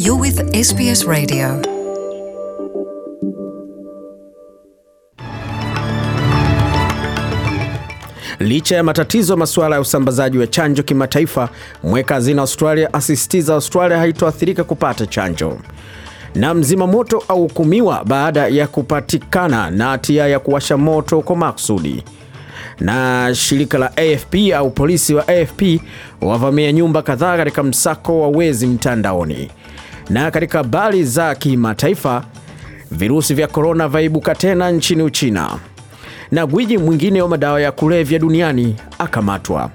You're with SBS Radio. Licha ya matatizo masuala ya usambazaji wa chanjo kimataifa, mweka hazina Australia asisitiza Australia haitoathirika kupata chanjo. Na mzima moto ahukumiwa baada ya kupatikana na hatia ya kuwasha moto kwa makusudi na shirika la AFP au polisi wa AFP wavamia nyumba kadhaa katika msako wa wezi mtandaoni. Na katika habari za kimataifa, virusi vya korona vaibuka tena nchini Uchina, na gwiji mwingine wa madawa ya kulevya duniani akamatwa.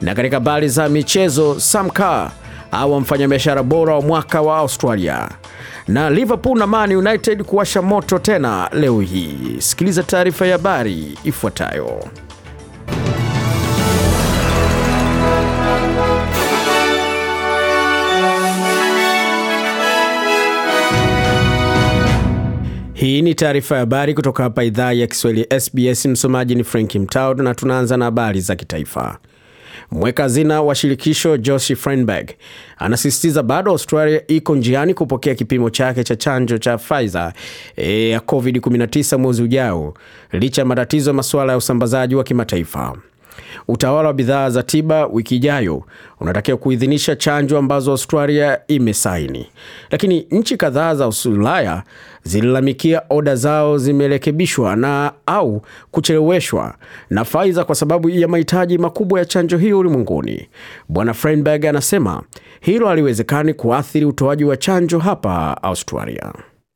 Na katika habari za michezo, Sam Kerr awa mfanyabiashara bora wa mwaka wa Australia, na Liverpool na Man United kuwasha moto tena leo hii. Sikiliza taarifa ya habari ifuatayo. Hii ni taarifa ya habari kutoka hapa idhaa ya Kiswahili SBS. Msomaji ni Frank Mtaud na tunaanza na habari za kitaifa. Mweka hazina wa shirikisho Josh frenberg anasisitiza bado Australia iko njiani kupokea kipimo chake cha chanjo cha Pfizer eh, ya COVID-19 mwezi ujao licha ya matatizo ya masuala ya usambazaji wa kimataifa. Utawala wa bidhaa za tiba wiki ijayo unatakiwa kuidhinisha chanjo ambazo Australia imesaini, lakini nchi kadhaa za Ulaya zililalamikia oda zao zimerekebishwa na au kucheleweshwa na Pfizer kwa sababu ya mahitaji makubwa ya chanjo hiyo ulimwenguni. Bwana frenberg anasema hilo haliwezekani kuathiri utoaji wa chanjo hapa Australia.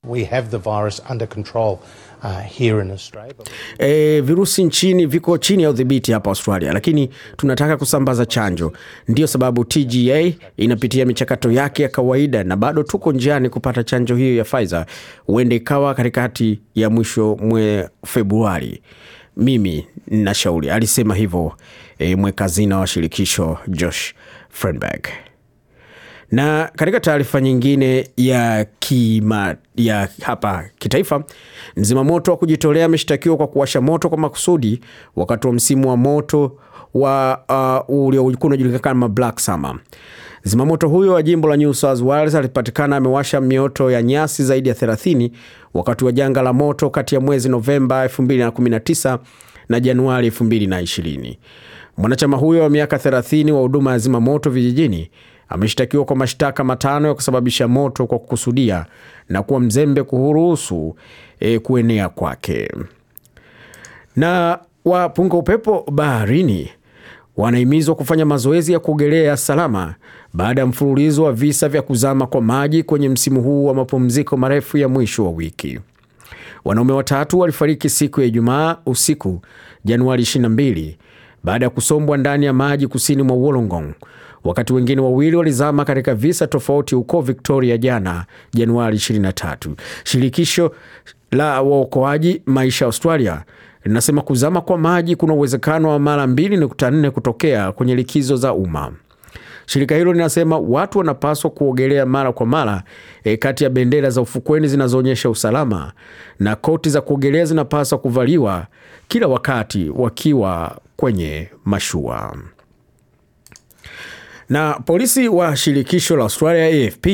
We have the virus under control, uh, here in Australia. E, virusi nchini viko chini ya udhibiti hapa Australia, lakini tunataka kusambaza chanjo. Ndiyo sababu TGA inapitia michakato yake ya kawaida na bado tuko njiani kupata chanjo hiyo ya Pfizer, huenda ikawa katikati ya mwisho mwe Februari. Mimi na shauri, alisema hivyo e, eh, mwekazina wa shirikisho Josh Frenberg. Na katika taarifa nyingine ya kima, ya hapa kitaifa, mzima moto wa kujitolea ameshtakiwa kwa kuwasha moto kwa makusudi wakati wa msimu wa moto wa uh, uliokuwa unajulikana kama Black Summer. Zimamoto huyo wa jimbo la New South Wales alipatikana amewasha mioto ya nyasi zaidi ya 30 wakati wa janga la moto kati ya mwezi Novemba 2019 na Januari 2020. Mwanachama huyo wa miaka 30 wa huduma ya zimamoto vijijini ameshtakiwa kwa mashtaka matano ya kusababisha moto kwa kukusudia na kuwa mzembe kuhuruhusu e, kuenea kwake. Na wapunga upepo baharini wanahimizwa kufanya mazoezi ya kuogelea salama baada ya mfululizo wa visa vya kuzama kwa maji kwenye msimu huu wa mapumziko marefu ya mwisho wa wiki. Wanaume watatu walifariki siku ya Ijumaa usiku Januari baada ya kusombwa ndani ya maji kusini mwa Wollongong. Wakati wengine wawili walizama katika visa tofauti huko Victoria jana Januari 23. Shirikisho la waokoaji maisha Australia linasema kuzama kwa maji kuna uwezekano wa mara 2.4 kutokea kwenye likizo za umma. Shirika hilo linasema watu wanapaswa kuogelea mara kwa mara e, kati ya bendera za ufukweni zinazoonyesha usalama na koti za kuogelea zinapaswa kuvaliwa kila wakati wakiwa kwenye mashua. Na polisi wa shirikisho la Australia AFP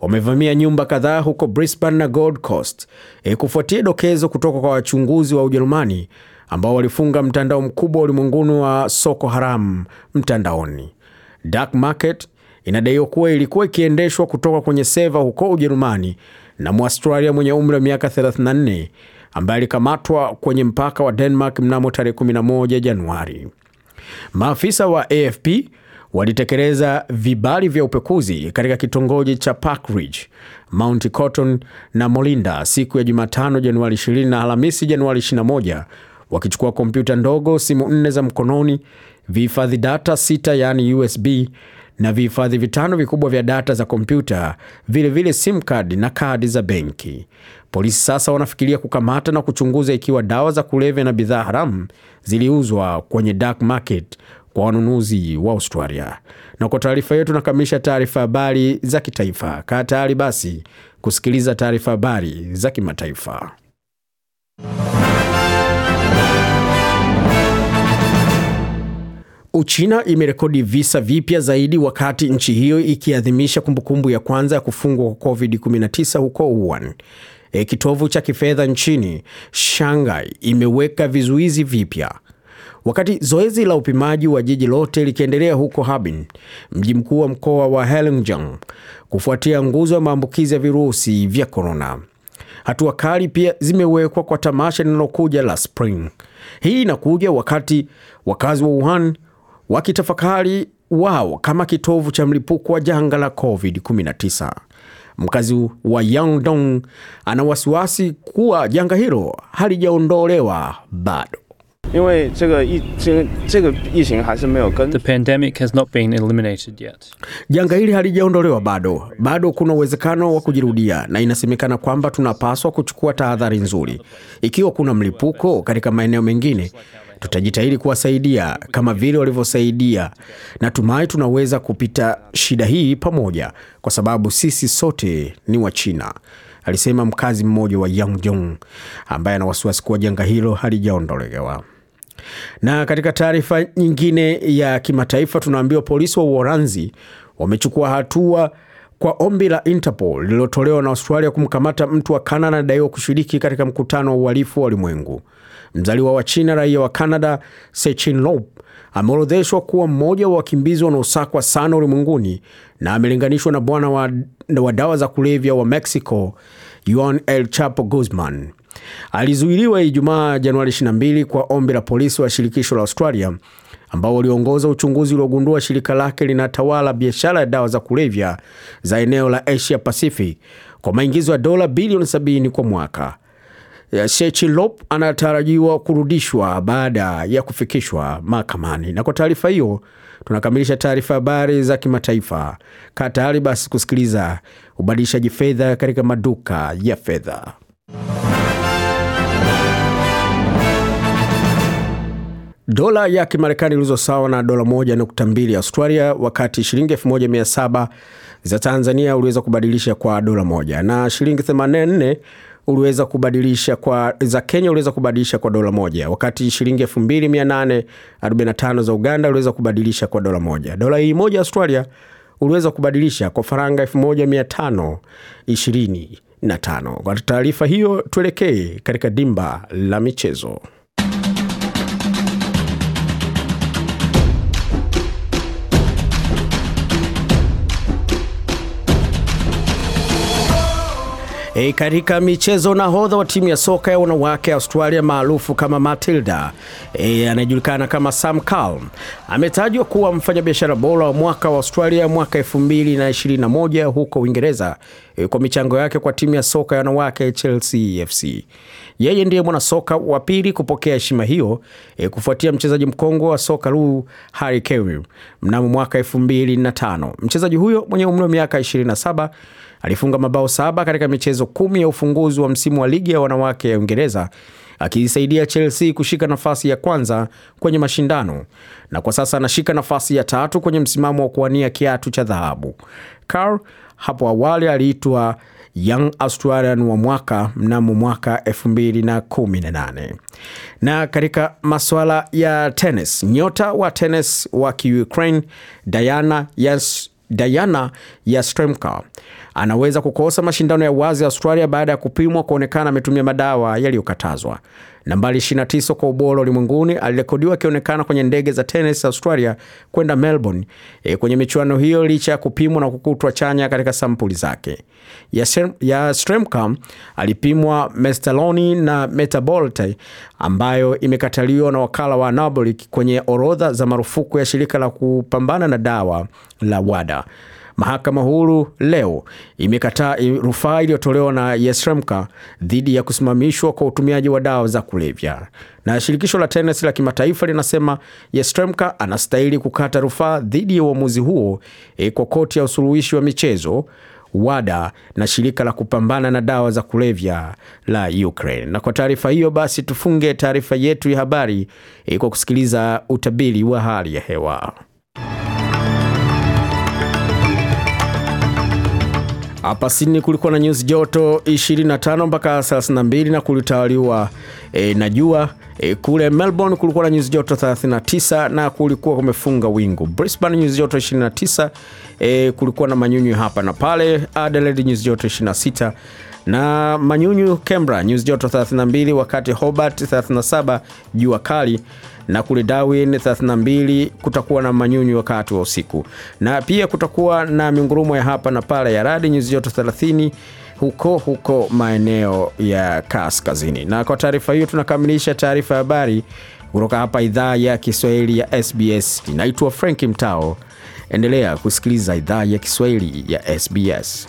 wamevamia nyumba kadhaa huko Brisbane na Gold Coast e, kufuatia dokezo kutoka kwa wachunguzi wa Ujerumani ambao walifunga mtandao mkubwa ulimwenguni wa soko haramu mtandaoni. Dark market inadaiwa kuwa ilikuwa ikiendeshwa kutoka kwenye seva huko Ujerumani na Mwaustralia mwenye umri wa miaka 34 ambaye alikamatwa kwenye mpaka wa Denmark mnamo tarehe 11 Januari. Maafisa wa AFP walitekeleza vibali vya upekuzi katika kitongoji cha Park Ridge, Mount Cotton na Molinda siku ya Jumatano Januari 20 na Alhamisi Januari 21, wakichukua kompyuta ndogo, simu nne za mkononi, vihifadhi data sita yaani USB na vihifadhi vitano vikubwa vya data za kompyuta, vilevile sim kadi na kadi za benki. Polisi sasa wanafikiria kukamata na kuchunguza ikiwa dawa za kulevya na bidhaa haramu ziliuzwa kwenye dark market kwa wanunuzi wa Australia. Na kwa taarifa yetu, nakamilisha taarifa habari za kitaifa. Kaa tayari basi kusikiliza taarifa habari za kimataifa. Uchina imerekodi visa vipya zaidi wakati nchi hiyo ikiadhimisha kumbukumbu ya kwanza ya kufungwa kwa COVID-19 huko Wuhan. E, kitovu cha kifedha nchini Shanghai imeweka vizuizi vipya wakati zoezi la upimaji wa jiji lote likiendelea huko Harbin, mji mkuu wa mkoa wa Heilongjiang, kufuatia nguzo ya maambukizi ya virusi vya korona. Hatua kali pia zimewekwa kwa tamasha linalokuja la Spring. Hii inakuja wakati wakazi wa Wuhan wakitafakari wao kama kitovu cha mlipuko wa janga la COVID-19. Mkazi wa Yangdong ana wasiwasi kuwa janga hilo halijaondolewa bado. The pandemic has not been eliminated yet. Janga hili halijaondolewa bado, bado kuna uwezekano wa kujirudia, na inasemekana kwamba tunapaswa kuchukua tahadhari nzuri ikiwa kuna mlipuko katika maeneo mengine Tutajitahidi kuwasaidia kama vile walivyosaidia. Natumai tunaweza kupita shida hii pamoja, kwa sababu sisi sote ni wa China, alisema mkazi mmoja wa Yangon ambaye ana wasiwasi kuwa janga hilo halijaondolewa. Na katika taarifa nyingine ya kimataifa, tunaambiwa polisi wa Uholanzi wamechukua hatua kwa ombi la Interpol lililotolewa na Australia kumkamata mtu wa Kanada anadaiwa kushiriki katika mkutano wa uhalifu wa ulimwengu mzaliwa wa China raia wa Canada Sechin Lop ameorodheshwa kuwa mmoja wa wakimbizi wanaosakwa sana ulimwenguni na amelinganishwa na bwana wa, wa dawa za kulevya wa Mexico Juan El Chapo Guzman. Alizuiliwa Ijumaa Januari 22 kwa ombi la polisi wa shirikisho la Australia ambao waliongoza uchunguzi uliogundua shirika lake linatawala biashara ya dawa za kulevya za eneo la Asia Pacific kwa maingizo ya dola bilioni 70 kwa mwaka. Sechelop anatarajiwa kurudishwa baada ya kufikishwa mahakamani. Na kwa taarifa hiyo tunakamilisha taarifa habari za kimataifa. Kaa tayari basi kusikiliza ubadilishaji fedha katika maduka ya fedha. Dola ya Kimarekani ilizo sawa na dola moja nukta mbili ya Australia, wakati shilingi saba za Tanzania uliweza kubadilisha kwa dola moja na shilingi 84 uliweza kubadilisha kwa za Kenya uliweza kubadilisha kwa dola moja, wakati shilingi 2845 za Uganda uliweza kubadilisha kwa dola moja. Dola hii moja Australia uliweza kubadilisha kwa faranga tano. Kwa taarifa hiyo, tuelekee katika dimba la michezo. E, katika michezo nahodha wa timu ya soka ya wanawake Australia maarufu kama Matilda e, anayejulikana kama Sam Calm ametajwa kuwa mfanyabiashara bora wa mwaka wa Australia mwaka 2021 huko Uingereza e, kwa michango yake kwa timu ya soka ya wanawake Chelsea e FC. Yeye ndiye mwanasoka wa pili kupokea heshima hiyo e, kufuatia mchezaji mkongwe wa soka Lou Harry Kewell mnamo mwaka 2005. Mchezaji huyo mwenye umri wa miaka 27 alifunga mabao saba katika michezo kumi ya ufunguzi wa msimu wa ligi ya wanawake ya Uingereza akiisaidia Chelsea kushika nafasi ya kwanza kwenye mashindano na kwa sasa anashika nafasi ya tatu kwenye msimamo wa kuwania kiatu cha dhahabu. Carl hapo awali aliitwa Young Australian wa mwaka mnamo mwaka 2018. Na katika masuala ya tenis, nyota wa tenis wa Kiukraine Diana Yas Diana Yastremka anaweza kukosa mashindano ya wazi Australia baada ya kupimwa kuonekana ametumia madawa yaliyokatazwa. Nambari 29 kwa ubora ulimwenguni, alirekodiwa akionekana kwenye ndege za tenis Australia kwenda Melbourne e, kwenye michuano hiyo licha ya kupimwa na kukutwa chanya katika sampuli zake. Yastremka alipimwa mestaloni na metabolite ambayo imekataliwa na wakala wa anabolic kwenye orodha za marufuku ya shirika la kupambana na dawa la WADA. Mahakama Huru leo imekataa rufaa iliyotolewa na Yesremka dhidi ya kusimamishwa kwa utumiaji wa dawa za kulevya, na shirikisho la tenisi la kimataifa linasema Yesremka anastahili kukata rufaa dhidi ya uamuzi huo e, kwa koti ya usuluhishi wa michezo WADA na shirika la kupambana na dawa za kulevya la Ukraine. Na kwa taarifa hiyo basi tufunge taarifa yetu ya habari e, kwa kusikiliza utabiri wa hali ya hewa. Hapa Sydney kulikuwa na nyuzi joto 25 mpaka 32 na kulitawaliwa e, na jua. E, kule Melbourne kulikuwa na nyuzi joto 39 na kulikuwa kumefunga wingu. Brisbane nyuzi joto 29, e, kulikuwa na manyunyu hapa na pale. Adelaide nyuzi joto 26 na manyunyu. Canberra nyuzi joto 32, wakati Hobart 37, jua kali na kule Darwin 32 kutakuwa na manyunyu wakati wa usiku, na pia kutakuwa na mingurumo ya hapa na pale ya radi, nyuzi joto 30 huko huko maeneo ya kaskazini. Na kwa taarifa hiyo tunakamilisha taarifa ya habari kutoka hapa idhaa ya Kiswahili ya SBS. Inaitwa Frank Mtao. Endelea kusikiliza idhaa ya Kiswahili ya SBS.